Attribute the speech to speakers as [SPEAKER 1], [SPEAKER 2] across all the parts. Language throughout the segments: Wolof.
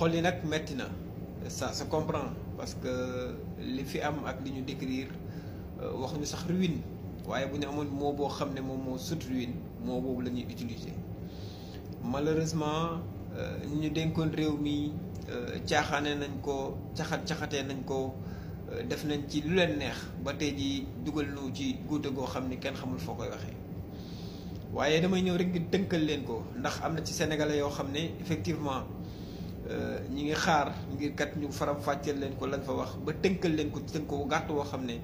[SPEAKER 1] xol yi nag metti na ça se comprend parce que li fi am ak li ñu décrire euh, waxuñu sax ruine waaye bu ñu amoon moo boo xam ne moom moo sut ruine moo boobu la ñuy utiliser malheureusement euh, ñu denkoon réew mi euh, caaxaane nañ ko caxat caxate nañ ko def nañ ci lu leen neex ba tey ji dugal nu ci guute goo xam ni kenn xamul foo koy waxee waaye damay ñëw rek dënkal leen ko ndax am na ci sénégalais yoo xam ne effectivement Euh, ñi ngi xaar ngir kat ñu faram fàcceel leen ko lañ fa wax ba tënkal leen ko tënk ko gàtt woo xam ne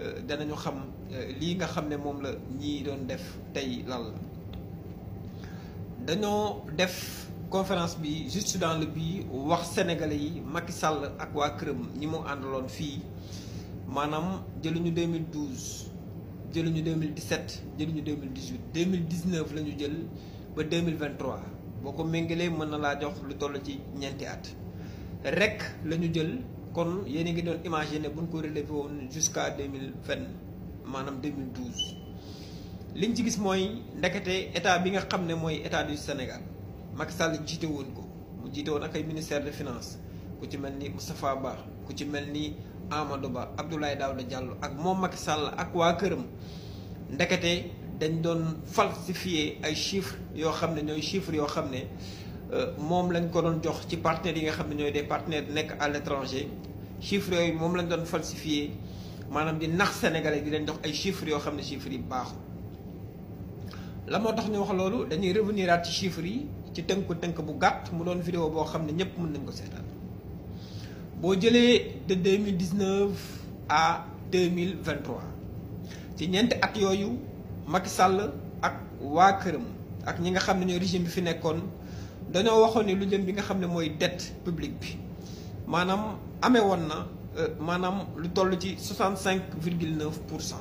[SPEAKER 1] euh, danañu xam euh, lii nga xam ne moom la ñii doon def tey lan la dañoo def conférence bi juste dans le but wax sénégalais yi makki Sall ak waa këram ñi mu àndaloon fii maanaam jëluñu 2012 jëluñu 2017 jëluñu 2018 2019 la ñu jël ba 2023 boo ko méngalee mën na laa jox lu toll ci ñeenti at rek la ñu jël kon yéen a ngi doon imaginer buñ ko relevé woon jusqu'à deux mille vingt maanaam deux mille liñ ci gis mooy ndekete état bi nga xam ne mooy état du Sénégal mag Sall jiite woon ko mu jiite woon ak ay ministère de finance ku ci mel ni Moustapha Ba ku ci mel ni Amadou Ba Abdoulaye Daouda Diallo ak moom mag sàll ak waa këram ndekete. dañ doon falsifier ay chiffres yoo xam ne ñooy chiffres yoo xam ne euh, moom lañ ko doon jox ci partenaires yi nga xam ne ñooy des partenaires nekk à l'étranger chiffres yooyu moom lañ doon falsifier maanaam di nax sénégalais di leen dox ay chiffres yoo xam ne chiffres yi baaxul la moo tax ñu wax loolu dañuy revenir aat ci chiffres yi ci tënk-tënk bu gàtt mu doon vidéo boo xam ne ñëpp mën nañ ko seetaan boo jëlee de deux 2019 à 2023 ci ñeenti at yooyu Macky Sall ak waa këram ak ñi nga xam ne ñooy régime bi fi nekkoon dañoo waxoon ni lu jëm bi nga xam ne mooy dette publique bi maanaam amee woon na euh, maanaam lu toll ci 65 virgule 9 pour cent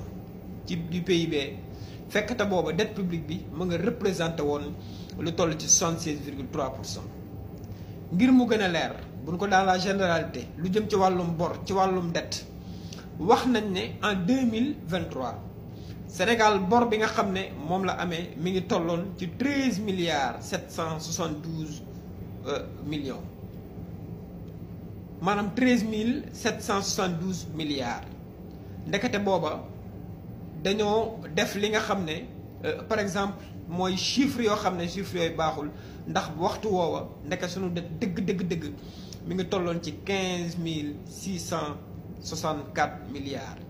[SPEAKER 1] ci du PIB fekk te booba dette publique bi mu nga représenté woon lu toll ci 76 virgule 3 pour cent ngir mu gën a leer bu ñu ko dans la généralité lu jëm ci wàllum bor ci wàllum dette wax nañ ne en 2023 Sénégal bor bi nga xam ne moom la amee mi ngi tolloon ci treize milliards sept cent soixante douze euh, millions maanaam treize mille sept cent soixante douze milliards ndekete booba dañoo def li nga xam ne euh, par exemple mooy chiffre yoo xam ne chiffre yooyu baaxul ndax waxtu woowa ndeke suñu dëgg dëgg dëgg mi ngi tolloon ci quinze mille six cent soixante quatre milliards.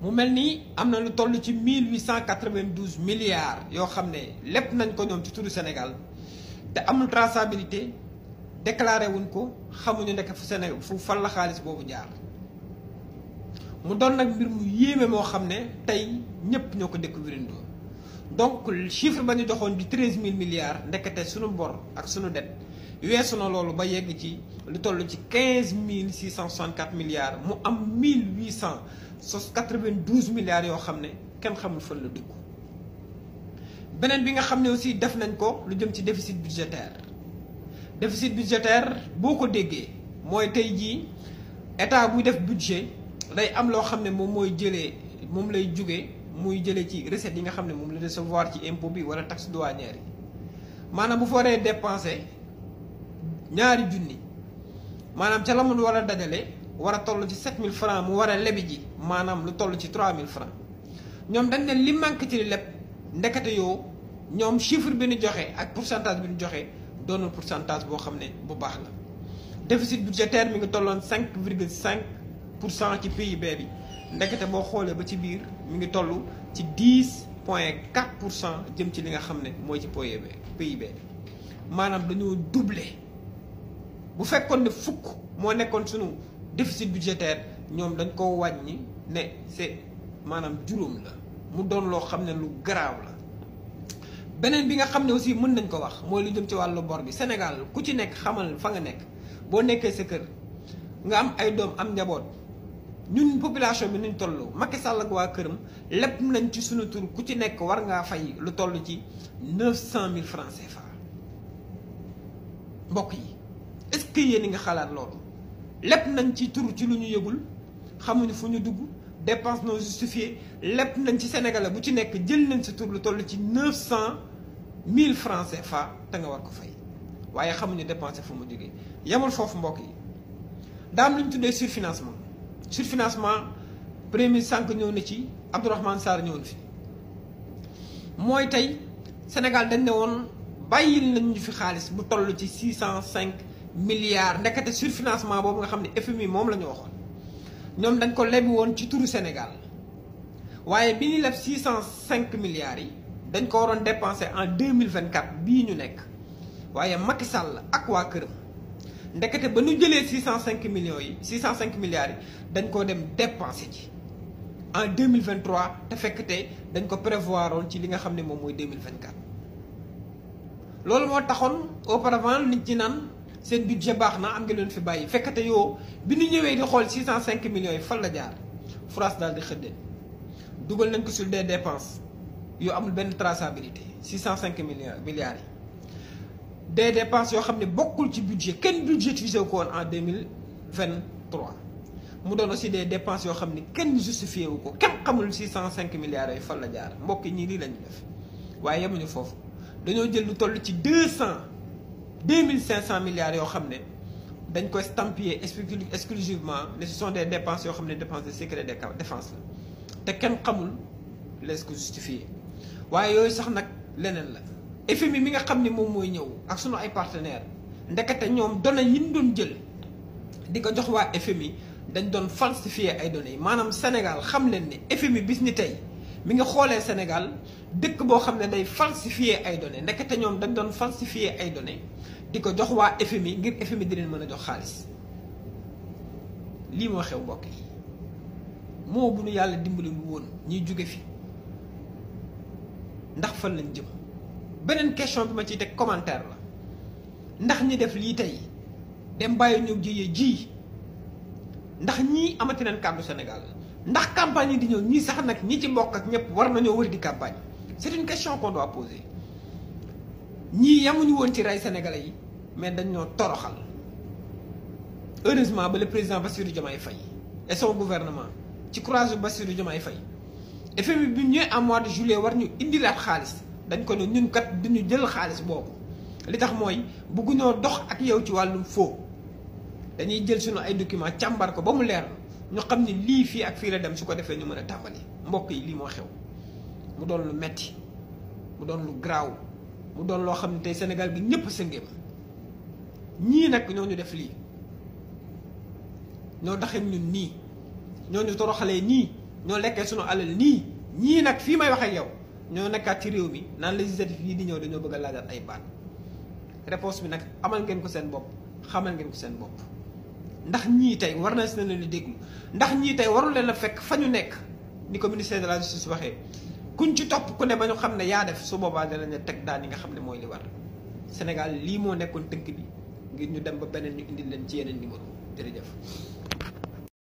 [SPEAKER 1] mu mel nii am na lu toll ci mille huit cent quatre-vingt-douze milliards yoo xam ne lépp nañ ko ñoom ci turu senegal te amul traçabilité déclaré wuñ ko xamuñu nekk fu Sénégal fan la xaalis boobu jaar mu doon nag mbir mu yéeme moo xam ne tey ñépp ñoo ko découvrir donc chiffre ba ñu joxoon di treize mille milliards ndekete suñu bor ak suñu det weesu na loolu ba yegg ci lu toll ci quinze mille six cent soixante-quatre milliards mu am mille huit cent sos 92 milliards yoo xam ne kenn xamul fan la dugg beneen bi nga xam ne aussi def nañ ko lu jëm ci déficit budgétaire déficit budgétaire boo ko déggee mooy tey jii état buy def budget day am loo xam ne moom mooy jëlee moom lay jóge muy jëlee ci recette yi nga xam ne moom la recevoir ci impôt bi wala taxe douanière yi maanaam bu fa waree dépensé ñaari junni maanaam ca la mu war dajale wara a toll ci mille francs mu war a lebi ji maanaam lu toll ci 3000 francs ñoom dañ ne li manque ci li ndekete yoo ñoom chiffre bi ñu joxe ak pourcentage bi ñu joxe doonul pourcentage boo xam ne bu baax la. déficit budgétaire mi ngi tolloon 5 virgule 5 pour cent ci PIB bi ndekete boo xoolee ba ci biir mi ngi toll ci 10 point 4 pour cent jëm ci li nga xam ne mooy ci PIB PIB maanaam dañoo duble bu fekkoon ne fukk moo nekkoon sunu. déficit budgétaire ñoom dañ ko wàññi ne c'est maanaam juróom la mu doon loo xam ne lu garaaw la beneen bi nga xam ne aussi mën nañ ko wax mooy lu dem ci wàllu bor bi Sénégal ku ci nekk xamal fa nga nekk boo nekkee sa kër nga am ay doom am njaboot ñun population bi nuñ toll Macky Sall waa këram lépp nañ ci suñu tur ku ci nekk war ngaa fay lu toll ci neuf cent mille francs mbokk yi est-ce que yéen a nga xalaat loolu lépp nañ ci tur ci lu ñu yëgul xamuñu fu ñu dugg dépense non justifiée lépp nañ ci sénégalais bu ci nekk jël nañ sa tur lu toll ci neuf cent mille francs CFA te nga war ko fay waaye xamuñu dépensé fu mu jógee yemul foofu mbokk yi daam lu ñu tuddee surfinancement surfinancement premier sànq ñëw na ci Abdourahmane Sarr ñëw na fi mooy tey Sénégal dañ ne woon bàyyil nañ ñu fi xaalis bu toll ci six cent cinq milliards ndekete surfinancement boobu nga xam ne FMI moom la ñu waxoon ñoom dañ ko lebi woon ci turu Sénégal waaye bi ñu leb 605 milliards yi dañ ko waroon dépenser en 2024 bii ñu nekk waaye Macky Sall ak waa këram ndekete ba nu jëlee 605 millions yi 605 milliards yi dañ koo dem dépenser ci en 2023 te fekk te dañ ko prévoir woon ci li nga xam ne moom mooy 2024. loolu moo taxoon auparavant nit ñi naan. seen budget baax na am nga leen fi bàyyi fekkate yoo bi ñu ñëwee di xool 605 millions yi fan la jaar France daal di xëddee dugal nañ ko sur des dépenses yu amul benn traçabilité 605 millions milliards yi des dépenses yoo xam ne bokkul ci budget kenn budgétisé ko woon en 2023 mu doon aussi des dépenses yoo xam ni kenn justifié wu ko kenn xamul 605 milliards yooyu fan la jaar mbokk ñi lii la ñu def waaye yemuñu foofu dañoo jël lu toll ci 200. deux mille cinq cent milliards yoo xam ne dañ koy stampiller exclusivement ne ce sont des dépenses yoo xam ne dépenses de sécurité de défense la te kenn xamul les ko justifier waaye yooyu sax nag leneen la FMI mi nga xam ne moom mooy ñëw ak sunu ay partenaires ndekete ñoom données yi ñu doon jël di ko jox waa FMI dañ doon falsifier ay données yi maanaam Sénégal xam leen ne FMI bis ni tey mi ngi xoolee Sénégal dëkk boo xam ne day falsifier ay données ndekete ñoom dañ doon falsifier ay données di ko jox waa FMI ngir FMI di leen mën a jox xaalis lii moo xew mbokk yi bu nu yàlla dimbali lu woon ñuy jóge fi ndax fan lañ jëm beneen question bi ma ciy teg commentaire la ndax ñi def lii tey dem bàyyi ñëw jiyee ji ndax ñii amati nañ kàddu Sénégal ndax campagne yi di ñëw ñii sax nag ñi ci mbokk ak ñëpp war nañoo wër di campagne c'est une question qu'on doit ñii yamuñu woon ci rey sénégalais yi mais dañ ñoo toroxal heureusement ba le président Bassirou Diomaye Faye et son gouvernement ci courage Bassirou Diomaye fay FMI bi ñu en mois de juillet war ñu indilaat xaalis dañ ko ne ñun kat duñu jël xaalis boobu li tax mooy buggu bëgguñoo dox ak yow ci wàllum faux dañuy jël sunu ay documents càmbar ko ba mu leer ñu xam ne lii fii ak fii la dem su ko defee ñu mën a tàmbali mbokk yi lii moo xew mu doon lu metti mu doon lu garaaw mu doon loo xam ne tey Sénégal gi ñëpp sëngéem ñii nag ñoo ñu def lii ñoo daxee ñun nii ñoo ñu toroxalee nii ñoo lekkee suñu alal nii ñii nag fii may waxee yow ñoo nekkaat ci réew mi naan législatif yii di ñëw dañoo bëgg a laajaat ay baat réponse bi nag amal ngeen ko seen bopp xamal ngeen ko seen bopp ndax ñii tey war na si na leen di déglu ndax ñii tey warul leen a fekk fa ñu nekk ni ko ministère de la justice waxee kuñ ci topp ku ne ba ñu xam ne yaa def su boobaa danañ la teg daal yi nga xam ne mooy li war Sénégal lii moo nekkoon tënk bi ngir ñu dem ba beneen ñu indil leen ci yeneen numéro jërëjëf